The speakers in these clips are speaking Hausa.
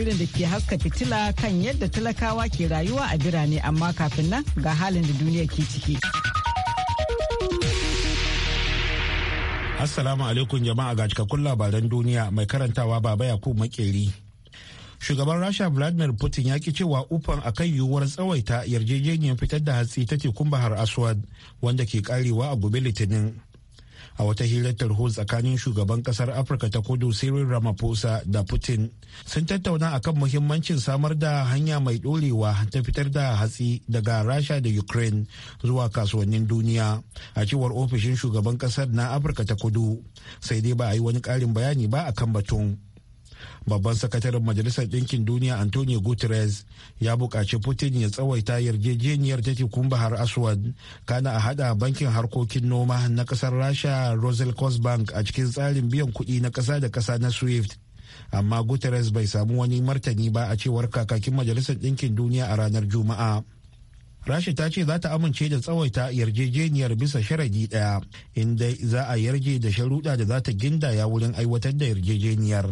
shirin da ke haska fitila kan yadda talakawa ke rayuwa a birane amma kafin nan ga halin da duniya ke ciki. Assalamu alaikum jama'a ga cikakkun labaran duniya mai karantawa baba yakub makeri. Shugaban Rasha Vladimir Putin ya ki cewa ufan a kan yiwuwar tsawaita yarjejeniyar fitar da hatsi ta tekun Bahar Aswad wanda ke karewa a gobe Litinin. a wata hirar tarho tsakanin shugaban kasar afirka ta kudu cyril ramaphosa da putin sun tattauna akan muhimmancin samar da hanya mai dorewa ta fitar da hatsi daga rasha da ukraine zuwa kasuwannin duniya a cewar ofishin shugaban kasar na afirka ta kudu sai dai ba a yi wani karin bayani ba akan batun babban sakataren majalisar ɗinkin duniya antonio guterres ya buƙaci putin ya tsawaita yarjejeniyar ta tekun bahar aswad kana a hada bankin harkokin noma na ƙasar rasha rosel bank a cikin tsarin biyan kuɗi na ƙasa da ƙasa na swift amma guterres bai samu wani martani ba a cewar kakakin majalisar ɗinkin duniya a ranar juma'a rashi ta ce za ta amince da tsawaita yarjejeniyar bisa sharadi daya inda za a yarje da sharuɗa da za ta gindaya wurin aiwatar da yarjejeniyar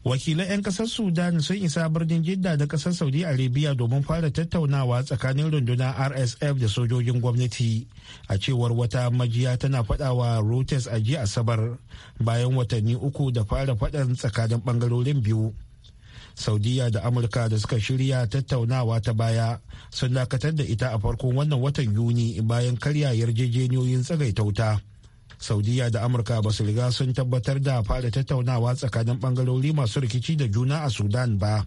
wakilan 'yan kasar sudan sun isa birnin jidda da kasar saudi arabia domin fara tattaunawa tsakanin rundunar rsf da sojojin gwamnati a cewar wata majiya tana fadawa reuters a jiya asabar bayan watanni uku da fara fadan tsakanin bangarorin biyu saudiya da amurka da suka shirya tattaunawa ta baya sun dakatar da ita a farkon wannan watan yuni bayan karya yarjejeniyoyin tsagaitauta saudiya da amurka ba su riga sun tabbatar da fara tattaunawa tsakanin bangarori masu rikici da juna a sudan ba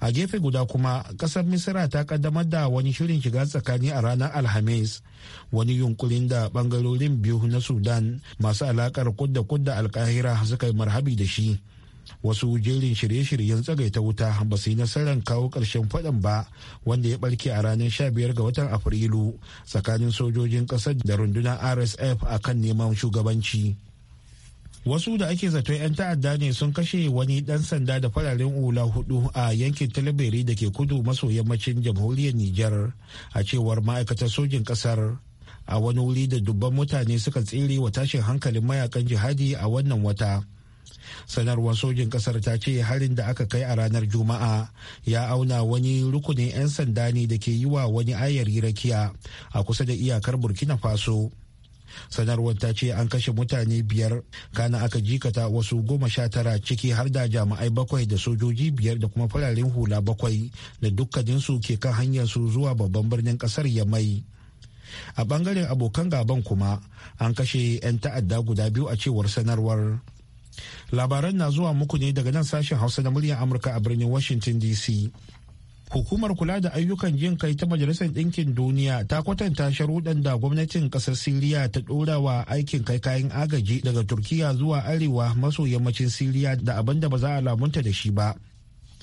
a gefe guda kuma kasar misira ta kaddamar da wani shirin shiga tsakani a ranar alhamis wani yunkurin da bangarorin biyu na sudan masu alakar kudda kudda alkahira suka yi marhabi da shi wasu jerin shirye-shiryen ta wuta ba su yi nasarar kawo ƙarshen faɗan ba wanda ya ɓarke a ranar 15 ga watan afrilu tsakanin sojojin ƙasar da rundunar rsf a kan neman shugabanci wasu da ake zato 'yan ta'adda ne sun kashe wani ɗan sanda da fararen hula hudu a yankin talibiri da ke kudu maso yammacin jamhuriyar Nijar a cewar ma'aikatar sojin ƙasar a wani wuri da dubban mutane suka tsere wa tashin hankalin mayakan jihadi a wannan wata. sanarwar sojin kasar ta ce harin da aka kai a ranar juma'a ya auna wani rukunin 'yan sanda ne da ke yi wa wani ayari rakiya a kusa da iyakar burkina faso sanarwar ta ce an kashe mutane biyar kana aka jikata wasu goma sha tara ciki har da jami'ai bakwai da sojoji biyar da kuma fararen hula bakwai da dukkaninsu ke kan hanyar su zuwa babban birnin kasar yamai a bangaren abokan gaban kuma an kashe 'yan ta'adda guda biyu a cewar sanarwar labaran na zuwa muku ne daga nan sashen hausa na muryar amurka a birnin washington dc hukumar kula da ayyukan jin kai ta majalisar ɗinkin duniya ta kwatanta sharuɗan da gwamnatin ƙasar siriya ta ɗora wa aikin kai kayan agaji daga turkiya zuwa arewa maso yammacin siriya da abinda da ba za a lamunta da shi ba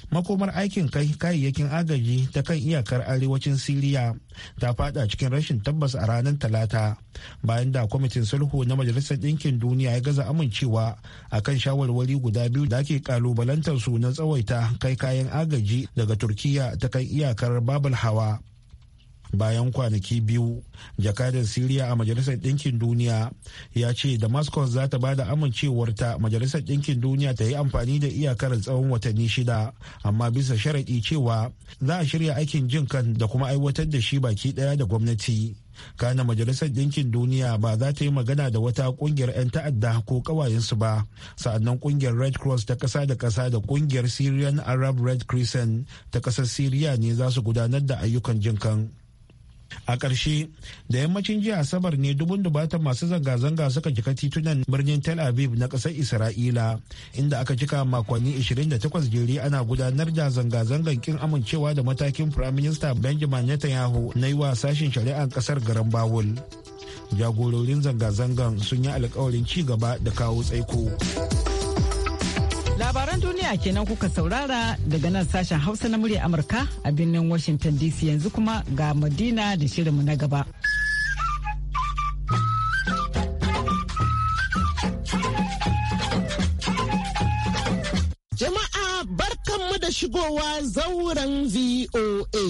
makomar aikin kai kayayyakin agaji ta kan iyakar arewacin siriya ta fada cikin rashin tabbas a ranar talata bayan da kwamitin sulhu na majalisar ɗinkin duniya ya gaza amincewa a kan shawarwari guda biyu da ake kalubalantar su na tsawaita kai kayan agaji daga turkiya ta kan iyakar babal hawa bayan kwanaki biyu jakadar siriya a majalisar ɗinkin duniya ya ce damascus za ta ba da amincewarta majalisar ɗinkin duniya ta yi amfani da iyakar tsawon watanni shida amma bisa sharaɗi cewa za a shirya aikin jin kan da kuma aiwatar da shi baki ɗaya da gwamnati kana majalisar ɗinkin duniya ba za ta yi magana da wata ƙungiyar 'yan ta'adda ko ƙawayensu ba sa'annan ƙungiyar red cross ta ƙasa da ƙasa da ƙungiyar syrian arab red crescent ta ƙasar syria ne za su gudanar da ayyukan jinkan a ƙarshe da yammacin jiya asabar ne dubun dubatan masu zanga-zanga suka cika titunan birnin tel aviv na ƙasar isra'ila inda aka cika makonni 28 jere ana gudanar da zanga-zangan kin amincewa da matakin firaminista benjamin netanyahu na yi wa sashen shari'ar ƙasar garan bawul jagororin zanga-zangan sun yi alkawarin ci gaba da kawo tsaiko. Labaran duniya kenan kuka saurara daga nan sashen Hausa na murya Amurka a birnin Washington DC yanzu kuma ga Madina da shirinmu na gaba. shigowa zauren VOA.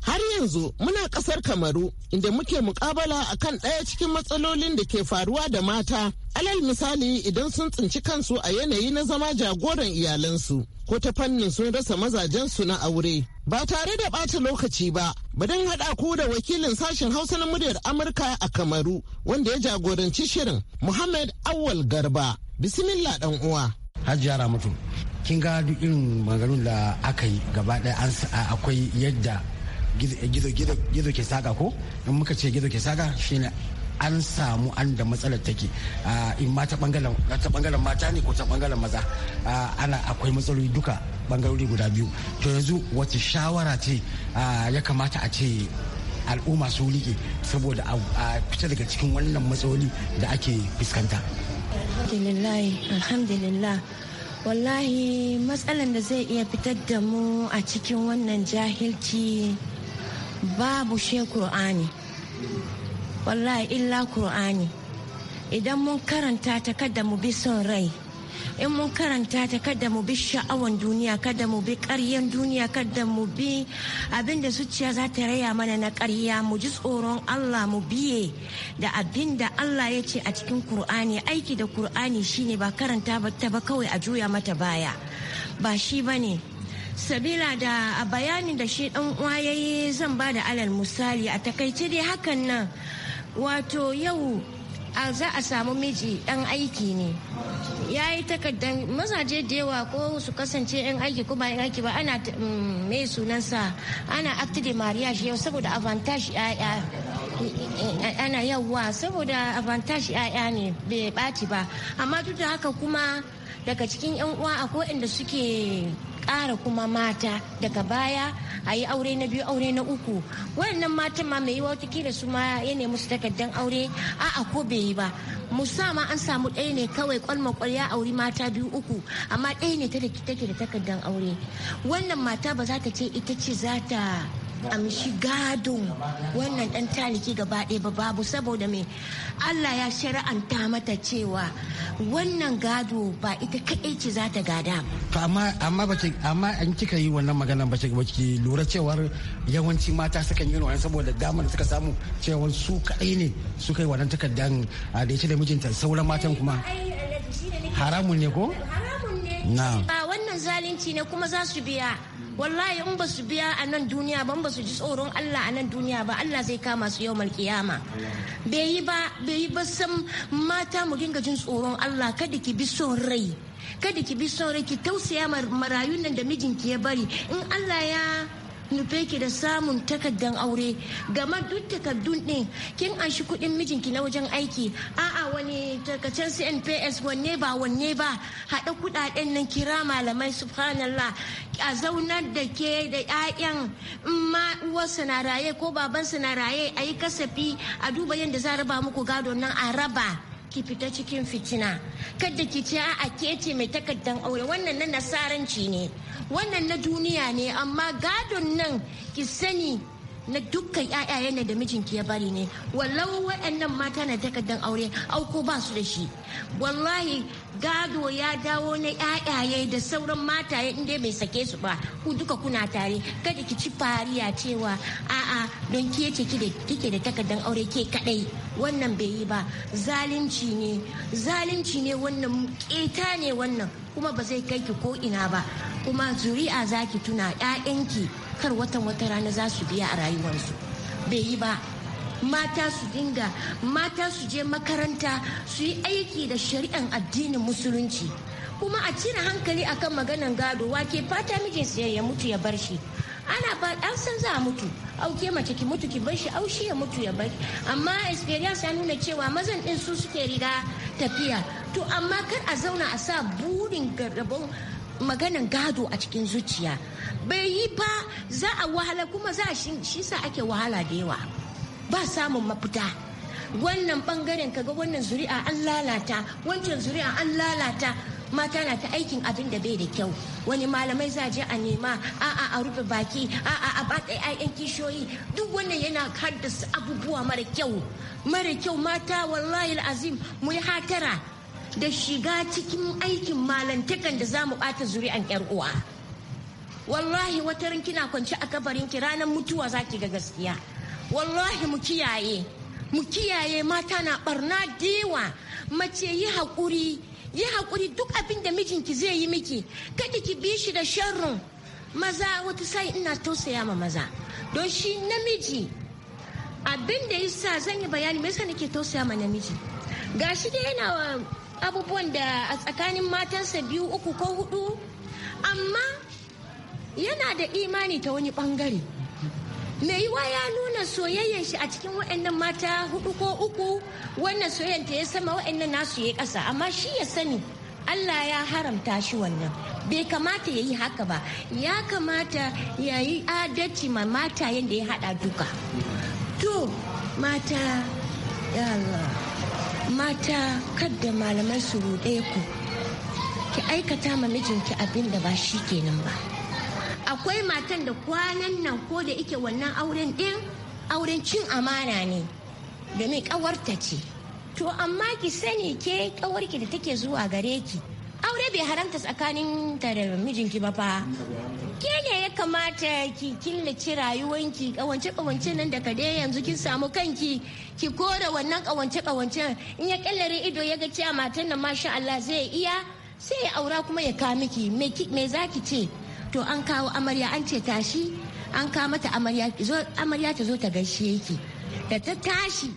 Har yanzu muna kasar Kamaru inda muke mukabala akan ɗaya cikin matsalolin da ke faruwa da mata. Alal misali idan sun tsinci kansu a yanayi na zama jagoran iyalansu ko ta fannin sun rasa mazajensu na aure. Ba tare da ɓata lokaci ba, badan haɗa ku da wakilin sashen Hausa na muryar Amurka a Kamaru wanda ya jagoranci shirin Muhammad Awal Garba. Bismillah ɗan uwa. Hajiya kin ga duk irin maganganun da aka yi gaba ɗaya akwai yadda gizo ke saka ko in muka ce gizo ke saka shine an samu an da matsalar take in ma ta bangaren mata ne ko ta bangaren maza ana akwai matsaloli duka bangarori guda biyu to yanzu wace shawara ce ya kamata a ce al'umma su rike saboda a fita daga cikin wannan matsaloli da ake fuskanta alhamdulillah wallahi matsalan da zai iya fitar da mu a cikin wannan jahilci babu she kur'ani wallahi illa kur'ani idan mun karanta ta kada mu bi son rai in mun karanta ta kada mu bi sha'awan duniya kada mu bi karyan duniya kada mu bi abin da zuciya za ta raya mana na karya mu ji tsoron Allah mu biye da abin da Allah ya ce a cikin Kur'ani aiki da Kur'ani shine ba karanta ba ta ba kawai a juya mata baya ba shi bane sabila da a bayanin da shi dan uwa yayi zan ba da alal misali a takaice dai hakan nan wato yau za a samu miji ɗan aiki ne ya yi takardar mazaje da yawa ko su kasance yan aiki ko ba yan aiki ba ana mai mm, sunansa ana acte de mariage yau saboda avantage yaya ana yawa saboda avantage yaya ne bai ɓaci ba amma duk da haka kuma daga cikin yan uwa akwai inda suke ƙara kuma mata daga baya a yi aure na biyu aure na uku waɗannan matan ma mai wata watakila su ma ya ne musu takardar aure a'a ko bai yi ba musamman an samu ɗaya ne kawai kwalma ya auri mata biyu uku amma ɗaya ne take da takardar aure wannan mata ba za ta ce ita ce za ta amshi gadon wannan dan taliki gaba ɗaya ba babu saboda me Allah ya shari'anta mata cewa wannan gado ba ita kaɗai ce za ta gada amma amma an kika yi wannan magana ce ki lura cewar yawanci mata sukan yi wani saboda damar da suka samu cewa su kaɗai ne suka yi wannan takardan da ya ce da mijinta sauran matan kuma haramun ne ko ba wannan zalunci ne kuma za su biya wallahi in ba su biya a nan duniya ba ba su ji tsoron Allah a nan duniya ba Allah zai kama su yau kiyama bai yi ba bai yi ba san mata mu dinga jin tsoron Allah kada ki bi son rai kada ki bi son rai ki tausaya marayun nan da mijinki ya bari in Allah ya nufe ki da samun takardar aure gama duk takaddun din kin anshi kudin mijinki na wajen aiki a'a wani takacen cnps wanne ba wanne ba haɗa kuɗaɗen nan kira malamai subhanallah a zaunar da ke da 'ya'yan ma uwarsa na raye ko babansa na raye a yi kasafi a duba yadda za a raba muku gado nan a raba ki fita cikin fitina kada ki ce a ke ce mai takardar aure wannan na nasaranci ne wannan na duniya ne amma gadon nan ki sani na dukkan ne da mijinki ya bari ne wallau waɗannan mata na takardar aure auko ba su da shi wallahi gado ya dawo na yayaye da sauran mata ya inda bai sake su ba ku duka kuna tare kada ki ci fariya cewa a'a don ke ce kike da takardar aure ke kadai wannan bai yi ba zalunci ne zalunci ne wannan keta ne wannan kuma ba zai kai ki ko ina ba kuma zuri'a za ki tuna 'ya'yanki kar watan wata rana za su biya a rayuwarsu bai yi ba mata su dinga mata su je makaranta su yi aiki da shari'an addinin musulunci kuma a cire hankali akan maganan gado wake fata mijinsu ya mutu ya bar shi ana ba an san za a mutu auke mace ki mutu ki bar shi aushi ya mutu ya bar amma experience ya nuna cewa mazan din su suke riga tafiya to amma kar a zauna a sa burin gargabon maganan gado a cikin zuciya bai yi ba za a wahala kuma za shi sa ake wahala da yawa ba samun mafita wannan bangaren kaga wannan zuri'a an lalata wancan zuri'a an lalata mata na ta aikin abin da bai da kyau wani malamai za je a nema a'a a rufe baki a'a a bata ƴaƴan kishiyoyi duk wannan yana haddasa abubuwa mara kyau mara kyau mata wallahi azim mu yi hatara da shiga cikin aikin malantakan da za mu ɓata zuri'an 'yar uwa wallahi wata rinki kina kwance a kabarin ki ranar mutuwa za ki ga gaskiya wallahi mu kiyaye mu kiyaye mata na barna diwa mace yi hakuri yi hakuri duk abin da mijinki zai yi miki kada ki bi shi da sharrun maza wata sai ina tausaya ma maza don shi namiji abin da yasa zan yi bayani me yasa nake tausaya ma namiji gashi da yana abubuwan da a tsakanin matansa biyu uku ko hudu amma yana da imani ta wani bangare mai yiwa ya nuna soyayyar shi a cikin waɗannan mata hudu ko uku wannan soyayyen ta ya sama waɗannan nasu ya ƙasa amma shi ya sani Allah ya haramta shi wannan bai kamata ya yi haka ba ya kamata ya yi adalci ma mata yadda ya haɗa duka to mata ya Allah mata kadda malaman su ruɗe ku ki aikata ma mijinki abin da ba shi kenan ba akwai matan da kwanan nan ko da ike wannan auren ɗin auren cin amana ne da domin ƙawarta ce to amma ki sani ke ƙawarki da take zuwa gare ki aure bai haramta tsakanin ta da mijinki ba fa ke ne ya kamata ki killace rayuwanki kawance kawance nan da dai yanzu kin samu kanki ki kore wannan kawance kawance in ya kallare ido ya ga cewa matan nan masha Allah zai iya sai ya aura kuma ya ka miki me zaki ce to an kawo amarya an ce tashi an kawo mata amarya ta zo ta gaishe ki da ta tashi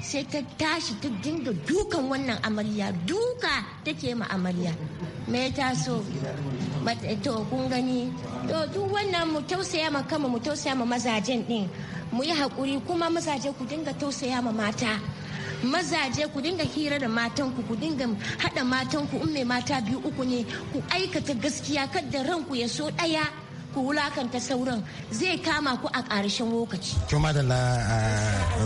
sai ta tashi ta dinga dukan wannan amarya duka take ma amarya me ta so to kun gani to duk wannan mu tausaya ma kama mu tausaya ma mazajen din mu yi hakuri kuma mazaje ku dinga tausaya ma mata mazaje ku dinga hira da matanku ku dinga hada matanku in mai mata biyu uku ne ku aikata gaskiya kada ranku ya so ɗaya ku wulakanta sauran zai kama ku a ƙarshen lokaci. Kyau la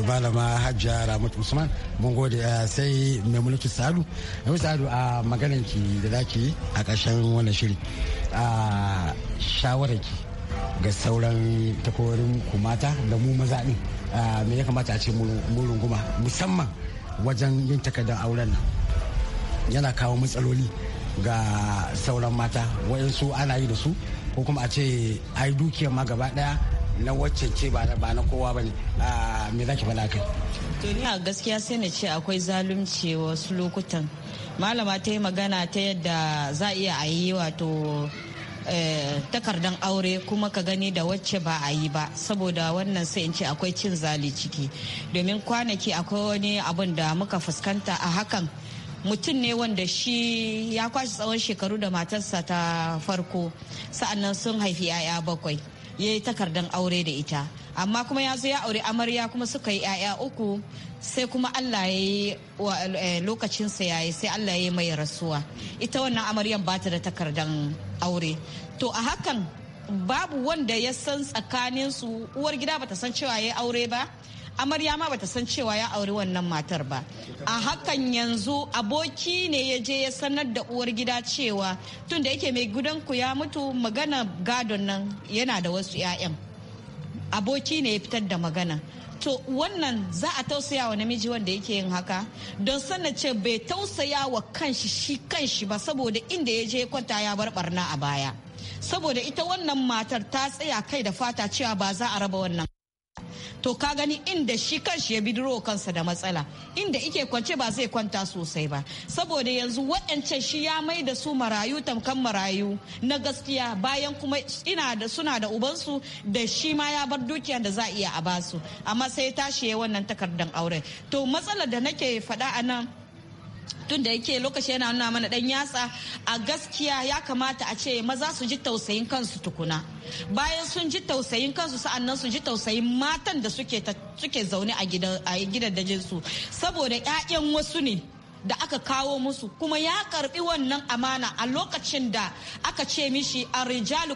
malama Hajiya Ramatu Usman mun gode sai mai mulki Sadu. Mai Sadu a maganar ki da zaki a karshen wannan shiri. A shawarar ki ga sauran takwarorin ku mata da mu maza ɗin me ya kamata a ce mu runguma musamman wajen yin takardar auren nan yana kawo matsaloli ga sauran mata wayansu ana yi da su ko kuma a ce a yi dukiyar ma gaba daya na wacce ce ba na kowa ba ne me za ki faɗa kai to a gaskiya sai na ce akwai zalunci wasu lokutan malama ta yi magana ta yadda za a iya a yi wato eh, takardan aure kuma ka gani da wacce ba a yi ba saboda wannan sai in ce akwai cin zali ciki domin kwanaki akwai wani abun da muka fuskanta a hakan mutum ne wanda shi ya kwashe tsawon shekaru da matarsa ta farko sa'annan sun haifi 'ya'ya bakwai ya yi takardar aure da ita amma kuma ya zo ya aure amarya kuma suka yi 'ya'ya uku sai kuma allah ya yi eh, lokacinsa ya yi sai allah ya yi mai rasuwa ita wannan amaryan ba ta da takardar aure to a hakan babu wanda ya san tsakaninsu uwar gida ta san cewa ya yi aure ba amarya ma bata san cewa ya auri wannan matar ba a hakan yanzu aboki ne ya je ya sanar da uwar gida cewa tun da yake mai gudanku ya mutu magana gadon nan yana da wasu 'ya'yan aboki ne ya fitar da magana to wannan za a tausaya wa namiji wanda yake yin haka don sanna ce bai tausaya wa kanshi shi kanshi ba saboda inda ya je kwanta ya bar barna a baya saboda ita wannan matar ta tsaya kai da fata cewa ba za a raba wannan to ka gani inda shi kanshi ya bidiro kansa da matsala inda ike kwance ba zai kwanta sosai ba saboda yanzu wa'ancan shi ya mai da su marayu tamkan marayu na gaskiya bayan kuma ina da suna da ubansu da shi ma ya bar dukiya da za a iya a basu amma sai tashi ya wannan takardar aure to matsalar da nake faɗa anan. tun da yake lokaci yana nuna mana dan yatsa a gaskiya ya kamata a ce maza su ji tausayin kansu tukuna bayan sun ji tausayin kansu sa'annan su ji tausayin matan da suke suke zaune a gidan su saboda 'ya'yan wasu ne da aka kawo musu kuma ya karbi wannan amana a lokacin da aka ce mishi a rijalu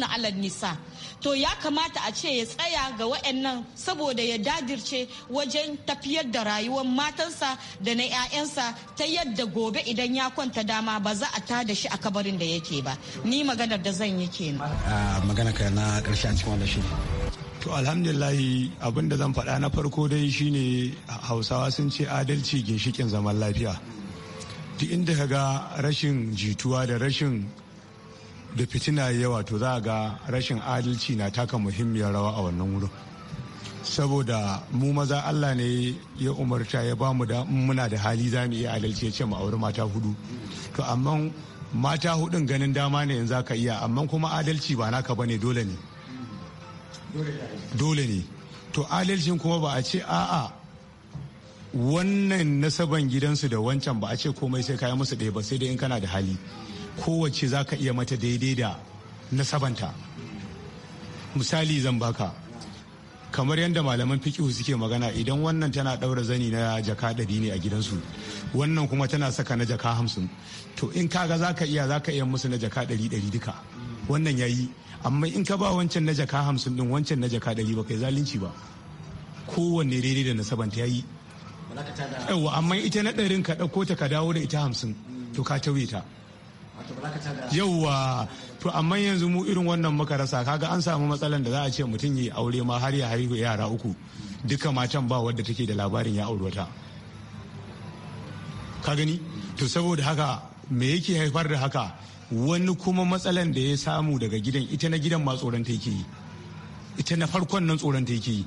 na alal nisa to ya kamata a ce ya tsaya ga waɗannan saboda ya dadirce wajen tafiyar da rayuwar matansa da na 'ya'yansa ta yadda gobe idan ya kwanta dama ba za a tada shi a kabarin da yake ba ni maganar da zan yi magana ka na karshe a cikin wannan To alhamdulillahi abin da zan faɗa na farko dai shine hausawa sun ce adalci ginshikin zaman lafiya. Duk inda ka ga rashin jituwa da rashin da fitina yawa to za ga rashin adalci na taka muhimmiyar rawa a wannan wurin saboda mu maza Allah ne ya umarta ya bamu da muna da hali za mu iya adalci ya ce mu auri mata hudu to amma mata hudun ganin dama ne yanzu ka iya amma kuma adalci ba naka bane dole ne dole ne to adalcin kuma ba a ce a'a wannan nasaban gidansu da wancan ba a ce komai sai kayan musu ɗaya ba sai dai in kana da hali kowace za ka iya mata daidai da nasabanta misali zan baka kamar yadda malaman fikihu suke magana idan wannan tana ɗaura zani na jaka ɗari ne a gidansu wannan kuma tana saka na jaka hamsin to in kaga za ka iya za ka iya musu na jaka ɗari ɗari duka wannan ya yi amma in ka ba wancan na jaka hamsin ɗin wancan na jaka ɗari ba kai zalunci ba kowanne daidai da nasabanta ya yi yawa amma ita na ɗarin ka ɗauko ta ka dawo da ita hamsin to ka tauye ta yauwa to amma yanzu mu irin wannan muka rasa kaga an samu matsalan da za a ce mutum yi aure ma har ya haihu yara uku duka matan ba wadda take da labarin ya aure wata ka gani to saboda haka me yake haifar da haka wani kuma matsalan da ya samu daga gidan ita na gidan ma tsoron ta yake yi ita na farkon nan tsoron ta yake yi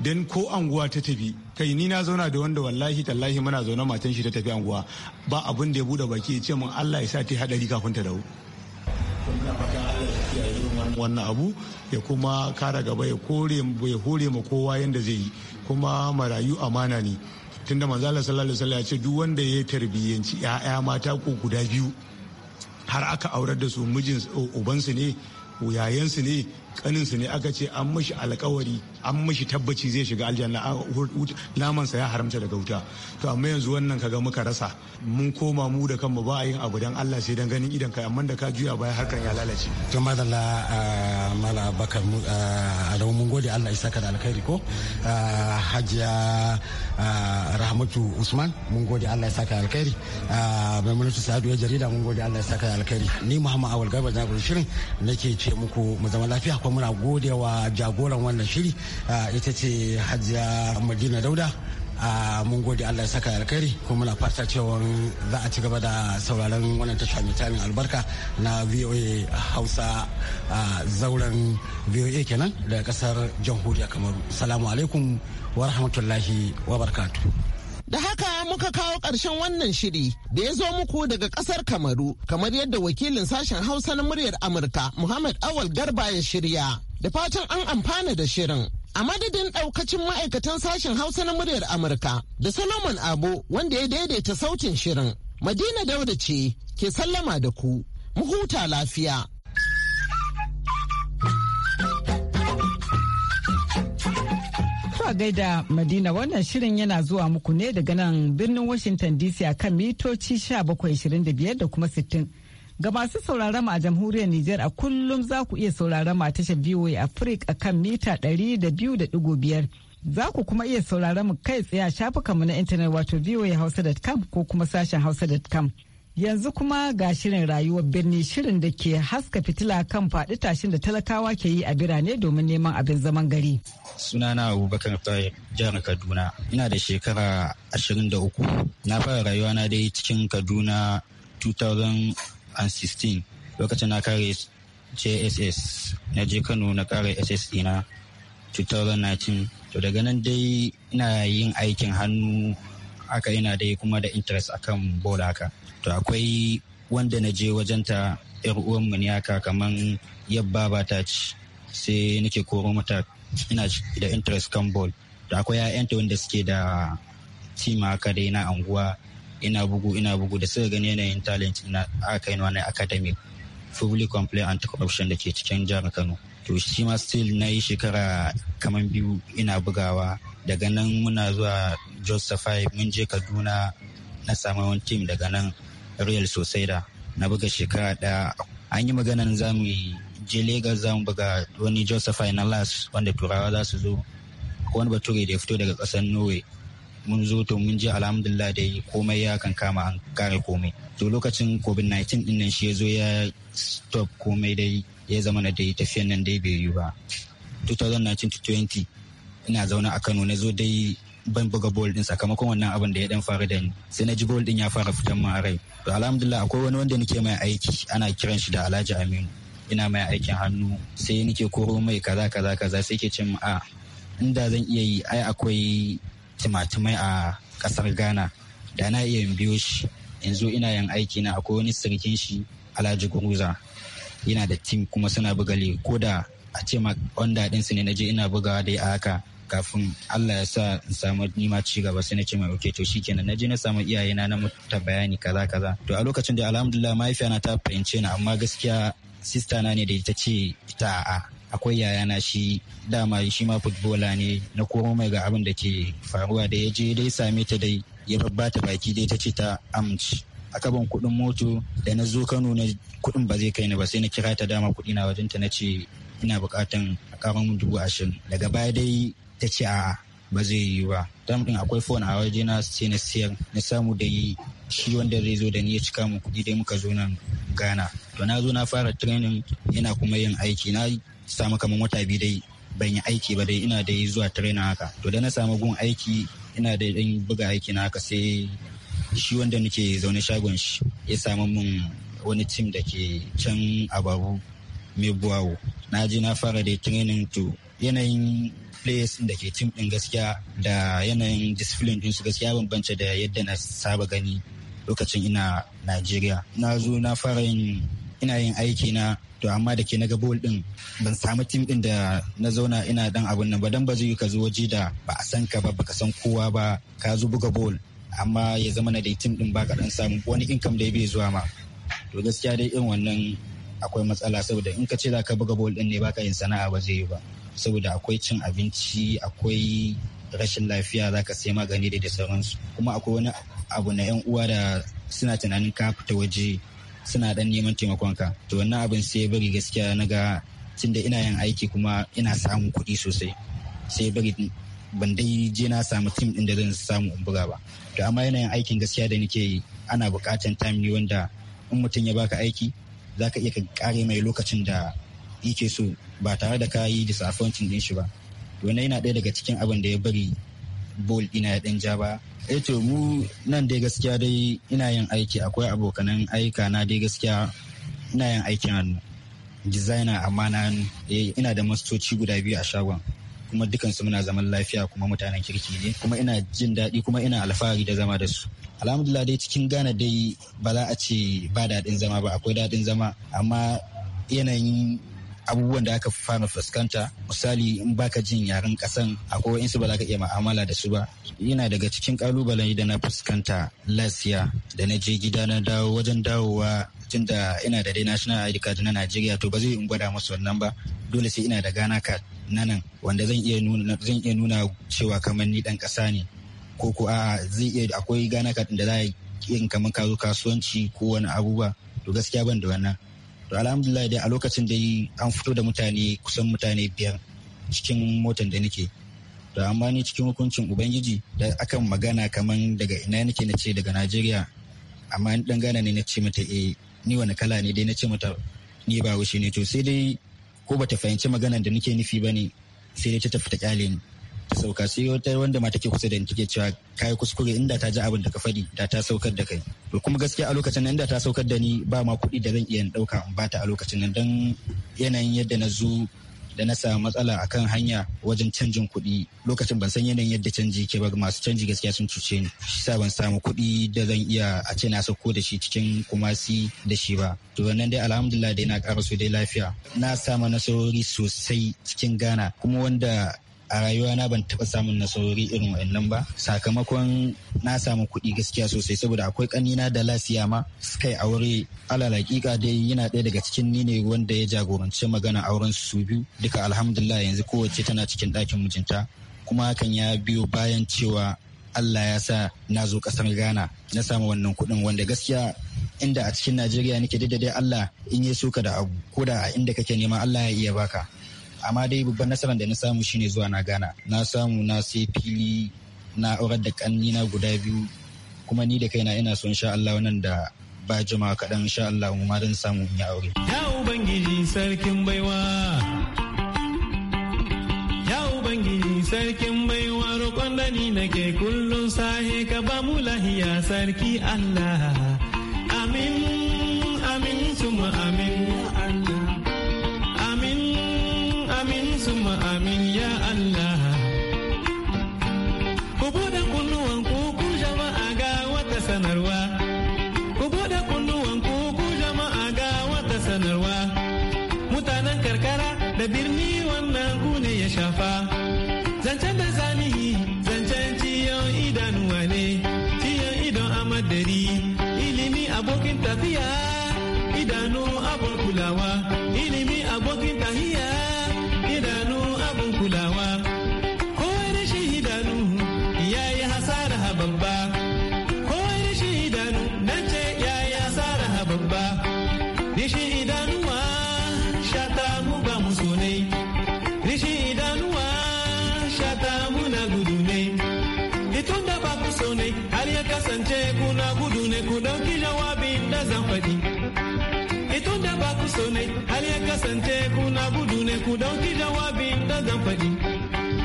dan ko anguwa ta tafi kai ni na zauna da wanda wallahi tallahi muna zaune matan shi ta tafi anguwa ba abin da ya bude baki ya ce mun Allah ya sa ta hadari kafin ta dawo wannan abu ya kuma kara gaba ya kore ya hore ma kowa yanda zai yi kuma marayu amana ne tunda manzala sallallahu alaihi wasallam ya ce duk wanda ya tarbiyyanci ya'ya mata ko guda biyu har aka aurar da su mijin ubansu ne yayansu ne kaninsu ne aka ce an mashi alkawari an mashi tabbaci zai shiga aljanna namansa ya haramta daga wuta to amma yanzu wannan kaga muka rasa mun koma mu da kanmu ba a yin abu dan Allah sai dan ganin idan kai amma da ka juya baya harkan ya lalace to madalla mala bakar mu alawu mun gode Allah ya saka da alkhairi ko hajiya rahmatu usman mun gode Allah ya saka alkhairi maimunatu sa'adu ya jarida mun gode Allah ya saka alkhairi ni muhammad awal garba jagoran shirin nake ce muku mu zama lafiya kuma muna gode wa jagoran wannan shiri Ah, ita ce hajiya madina dauda ah, mun gode Allah ya saka alkhairi kuma muna fata cewa za a ci gaba da sauraron wannan tasha mai tarin albarka na VOA Hausa ah, zauren VOA kenan daga kasar jamhuriya Kamaru. Salamu alaikum wa rahmatullahi wa barkatu. Da haka muka kawo ƙarshen wannan shiri da ya zo muku daga ƙasar Kamaru kamar yadda wakilin sashen Hausa na muryar Amurka Muhammad Awal Garba ya shirya. Da fatan an amfana da shirin. a madadin daukacin ma'aikatan sashen hausa na muryar amurka da solomon abo wanda ya daidaita sautin shirin madina dauda ce ke sallama da ku mu huta lafiya gaida Madina wannan shirin yana zuwa muku ne daga nan birnin Washington DC a kan mitoci 1725 da kuma 60. Ga masu sauraron mu a jamhuriyar Nijar a kullum za ku iya sauraron mu a tashar VOA Africa kan mita 200.5. Za ku kuma iya sauraron mu kai tsaye a mu na intanet wato voahausa.com ko kuma sashen hausa.com. Yanzu kuma ga shirin rayuwar birni shirin da ke haska fitila kan faɗi tashin da talakawa ke yi a birane domin neman abin zaman gari. Sunana Abubakar Tahir jihar Kaduna. Ina da shekara ashirin da uku Na fara rayuwa na dai cikin Kaduna 16 lokacin na kare jss na je kano na kare ss dina 2019 to daga nan dai ina yin aikin hannu aka ina dai kuma da interest akan bola haka to akwai wanda na je wajenta yar mu ne haka kaman yabba ba ta ci sai nake koro mata ina da interest kan ball da akwai 'ya'yanta wanda suke da team haka dai na anguwa ina bugu ina bugu da suka gani yanayin talent na aka yi wani academic public complaint anti corruption da ke cikin jihar kano to shi ma still na yi shekara kaman biyu ina bugawa daga nan muna zuwa josephine mun je kaduna na samu wani team daga nan real sosai da na buga shekara daya an yi maganan za mu je lagos za mu buga wani josephine na last wanda turawa za su zo wani bature da ya fito daga kasar norway mun zo to mun je alhamdulillah dai komai ya kan kama an kare komai to lokacin covid-19 din nan shi ya zo ya stop komai dai ya zama na dai tafiyan nan dai bai yi ba 2019-20 ina zaune a kano na zo dai ban buga bol din sakamakon wannan abin da ya dan faru da ni sai na ji bol din ya fara fitan ma rai to alhamdulillah akwai wani wanda nake mai aiki ana kiran shi da Alhaji Aminu ina mai aikin hannu sai nake koro mai kaza kaza kaza sai ke cin a inda zan iya yi ai akwai timatimai a kasar ghana da na iya biyo shi yanzu ina yin aiki na akwai wani sirkin shi alhaji guruza yana da tim kuma suna buga le ko da a ce ma wanda din su ne je ina bugawa dai a haka kafin Allah ya sa in samu nima ci gaba sai na ce mai oke to shikenan na je na samu iyayena na mutu bayani kaza kaza to a lokacin da alhamdulillah mahaifiya na ta fahimce ni amma gaskiya sista na ne da ita ce ita a akwai yayana shi dama shi ma futbola ne na mai ga abin da ke faruwa da ya je dai same ta dai ya babba ta baki dai ta ce ta amince a ban kuɗin moto da na zo kano na kuɗin ba zai kai ni ba sai na kira ta dama kuɗi na wajenta na ce ina buƙatan a karon dubu ashirin daga baya dai ta ce a'a ba zai yi ba dan din akwai fon a waje na ce na siyar na samu da yi shi wanda zai zo da ni ya cika mu kuɗi dai muka zo nan Ghana to na zo na fara training yana kuma yin aiki na samu kamar wata biyu dai ban yi aiki ba dai ina da yi zuwa training haka to da na samu gun aiki ina da dan buga aiki na haka sai shi wanda nake zaune shagon shi ya samu mun wani tim da ke can ababu mai buwawo na je na fara da training to yanayin players da ke tim din gaskiya da yanayin discipline din su gaskiya bambance da yadda na saba gani lokacin ina Najeriya. Na zo na fara yin ina yin aiki na to amma da ke na bol din ban samu tim din da na zauna ina dan abun nan ba dan ba zai ka zo waje da ba a san ka ba baka san kowa ba ka zo buga bol amma ya zama na dai tim din ba ka dan samu wani income da ya bai zuwa ma to gaskiya dai irin wannan akwai matsala saboda in ka ce za ka buga bol din ne baka yin sana'a ba zai yi ba saboda akwai cin abinci akwai rashin lafiya zaka sai magani da sauransu kuma akwai wani abu na yan uwa da suna tunanin ka fita waje suna dan neman taimakon ka to wannan abin sai bari gaskiya na ga tunda ina yin aiki kuma ina samun kuɗi sosai sai bari ban dai je na samu tim din da zan samu in buga ba to amma yana yin aikin gaskiya da nake yi ana buƙatan time ne wanda in mutum ya baka aiki zaka iya ka kare mai lokacin da yake so ba tare da ka yi disappointing din shi ba wannan yana ɗaya daga cikin abin da ya bari bol ina ya ɗan ba e to mu nan dai gaskiya dai ina yin aiki akwai abokanan aika na dai gaskiya ina yin aikin hannu designer amma na eh, ina da mastoci guda biyu a shagon kuma dukansu muna zaman lafiya kuma mutanen kirki ne kuma ina jin daɗi kuma ina alfahari da zama da su alhamdulillah dai cikin gana dai ba za a ce ba daɗin zama ba akwai daɗin zama amma yanayin abubuwan da aka fara fuskanta misali in baka jin yaren kasan akwai su ba za ka iya ma'amala da su ba yana daga cikin kalubalen da na fuskanta lasiya da na je gida na dawo wajen dawowa tun da ina da dai national id card na najeriya to ba zai in gwada masu wannan ba dole sai ina da ghana card na nan wanda zan iya nuna zan iya nuna cewa kamar ni dan kasa ne ko ko a zai iya akwai ghana card da za a yi kamar kasuwanci ko wani abubuwa to gaskiya ban da wannan to alhamdulillah dai a lokacin da an fito da mutane kusan mutane biyar cikin motan da nake to amma ni cikin hukuncin ubangiji da akan magana kaman daga ina nake na ce daga najeriya amma ni dan gana ne na ce mata eh ni wani kala ne dai na ce mata ni ba wuce ne to sai dai ko bata fahimci maganar da nake nufi ba ne sai dai ta tafi ta kyale ni ta sauka sai wata wanda ma take kusa da ni ke cewa kai kuskure inda ta ji abin da ka faɗi da ta saukar da kai to kuma gaskiya a lokacin nan inda ta saukar da ni ba ma kuɗi da zan iya ɗauka in bata a lokacin nan dan yanayin yadda na zo da na samu matsala akan hanya wajen canjin kuɗi lokacin ban san yanayin yadda canji ke ba masu canji gaskiya sun cuce ni shi sa ban samu kuɗi da zan iya a ce na sauko da shi cikin kumasi da shi ba to wannan dai alhamdulillah dai na ƙara su dai lafiya na samu nasarori sosai cikin Ghana kuma wanda a rayuwa na ban taɓa samun nasarori irin wa'annan ba sakamakon na samu kuɗi gaskiya sosai saboda akwai ƙanina da lasiya ma suka yi aure alal hakika dai yana ɗaya daga cikin ni ne wanda ya jagoranci magana auren su biyu duka alhamdulillah yanzu kowace tana cikin ɗakin mijinta kuma hakan ya biyo bayan cewa Allah ya sa na zo ƙasar Ghana na samu wannan kuɗin wanda gaskiya inda a cikin Najeriya nake da dai Allah in ya soka da abu ko da a inda kake nema Allah ya iya baka amma dai babban nasarar da na samu shine zuwa na gana na samu na sai fili na aurar da kanni na guda biyu kuma ni da kaina ina son sha Allah nan da ba jama'a kaɗan sha Allah mu ma dan samu in yi aure ya ubangiji sarkin baiwa ya ubangiji sarkin baiwa roƙon da ni nake kullum sahe ka ba mu lahiya sarki Allah amin amin tuma amin kallo har ya kasance kuna gudu ne ku ɗauki da zan faɗi. da ba ku har ya kasance kuna gudu ne ku ɗauki da zan faɗi.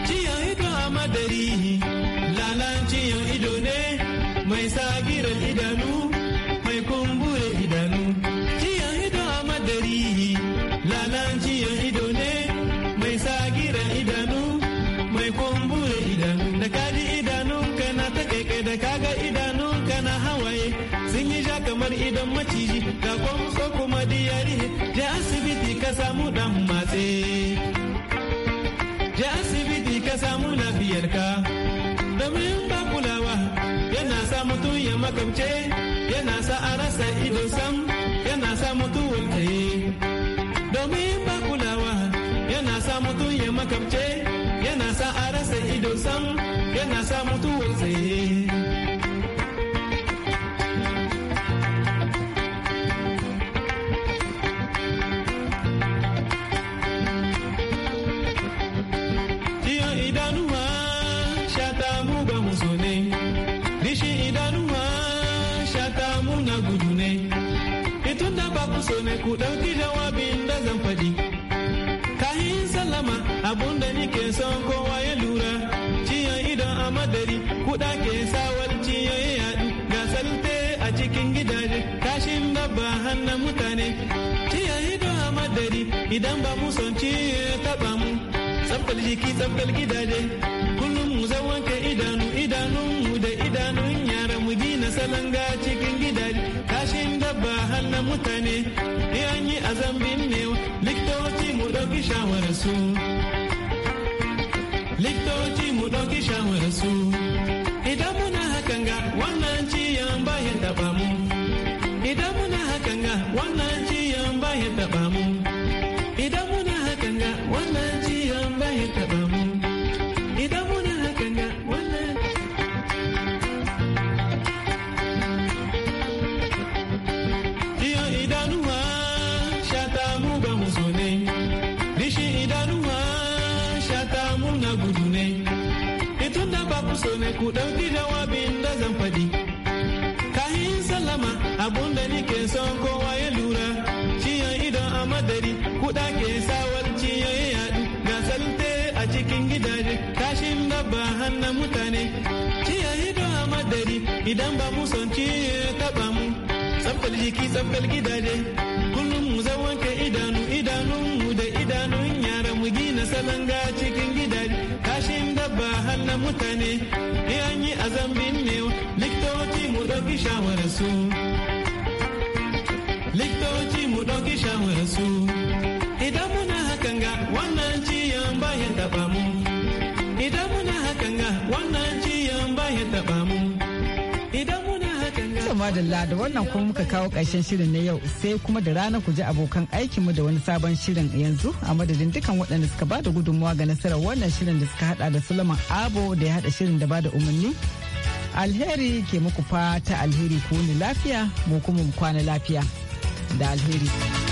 Ciyan ido a madari lalan ciyan ido ne mai giran idanu. makamce yana sa a rasa ido sam yana sa mutuwar tsaye domin ba kulawa yana sa mutum ya makabce yana sa a rasa ido sam yana sa mutuwar tsaye ku ɗauki jawabin da zan faɗi. Kahin sallama abun da nike son kowa ya lura, ciyon idon a madari kuɗa ke sawar ciyon ya yaɗu, ga salte a cikin gidaje, kashin dabba hannun mutane. Ciyon idon a madari idan ba mu son ciye taɓa mu, tsaftar jiki tsaftar gidaje, kullum mu zan wanke idanu idanun mu da idanun yara mu gina salanga cikin gidaje, kashin dabba hannun mutane. zambin ne likitoci mu ɗauki shawararsu likitoci mu ɗauki shawararsu idan ba mu son ciye taba mu tsaftar jiki tsaftar gidaje kullum mu wanke idanu idanun mu da idanun yara mu gina salanga cikin gidaje kashin dabba hannun mutane an yi azambin ne likitoci mu ɗauki su likitoci mu ɗauki su idan muna hakan ga wannan ciyan bayan taba mu idan muna hakan ga wannan ciyan bayan taba madalla da wannan kuma muka kawo ƙarshen shirin na yau sai kuma da rana ku ji abokan aikinmu da wani sabon shirin yanzu a madadin dukan waɗanda suka bada gudunmawa ga nasarar wannan shirin da suka hada da Suleiman Abo da ya hada shirin da ba da umarni. Alheri ke muku fata alheri ku ni lafiya mu kuma mu kwana lafiya da alheri.